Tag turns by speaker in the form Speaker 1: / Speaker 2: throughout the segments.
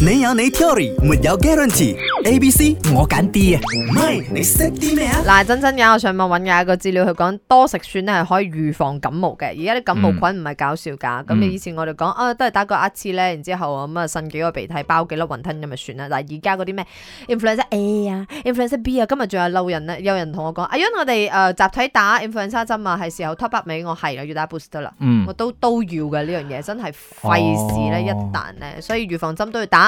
Speaker 1: 你有你 theory 沒有 guarantee。A、B、 C 我揀 D 啊！唔係你識
Speaker 2: 啲咩啊？嗱，真真嘅，我上網搵嘅一個資料係講多食蒜咧係可以預防感冒嘅。而家啲感冒菌唔係搞笑噶。咁你以前我哋講啊，都係打個牙籤咧，然之後咁啊擤幾個鼻涕，包幾粒雲吞咁咪算啦。嗱，而家嗰啲咩 influenza A 啊，influenza B 啊，今日仲有嬲人啊，有人同我講啊，因、哎、為我哋誒、呃、集體打 influenza 針啊，係時候 top up 尾、嗯、我係啦，要打 booster 啦。嗯、我都都要嘅呢樣嘢，真係費事咧，一旦咧，所以預防針都要打。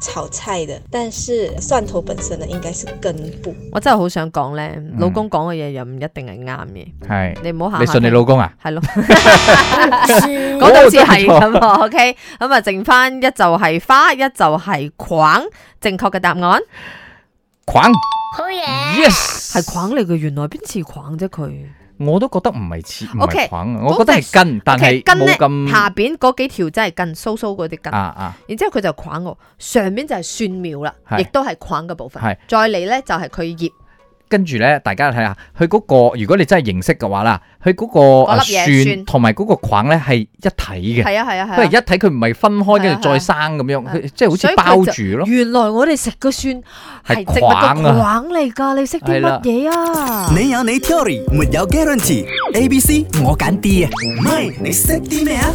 Speaker 2: 炒菜嘅，但是蒜頭本身呢，應該是根部。我真係好想講咧，嗯、老公講嘅嘢又唔一定係啱嘅。
Speaker 1: 係是，你唔好下。你信你老公啊？
Speaker 2: 係對咯。 講到似係咁，OK，咁啊，剩翻一就係花 一就，一就係菌，正確嘅答案
Speaker 1: 菌。
Speaker 2: 好嘢，Yes，係菌嚟嘅，原來邊似菌啫佢。
Speaker 1: 我都覺得唔係切，唔係框，okay，我覺得係根，that s, 但係冇咁下邊
Speaker 2: 嗰幾條真係根，疏疏嗰啲根。啊啊！啊然之後佢就框我，上面就係蒜苗啦，亦都係框嘅部分。是再嚟呢就，就係佢葉。
Speaker 1: 跟住咧，大家睇下佢嗰個，如果你真係認識嘅話啦，佢嗰個、嗯粒啊、蒜同埋嗰個菌咧係一體嘅，啊，啊，因為、啊、一體佢唔係分開跟住、啊啊、再生咁樣，即係、啊、好似包住咯。原來我哋食嘅蒜係菌啊菌
Speaker 2: 嚟㗎，你識啲乜嘢啊？你，
Speaker 1: 啊你有你 theory，沒有 guarantee，A B C 我揀 D 啊！唔係你識
Speaker 2: 啲咩啊？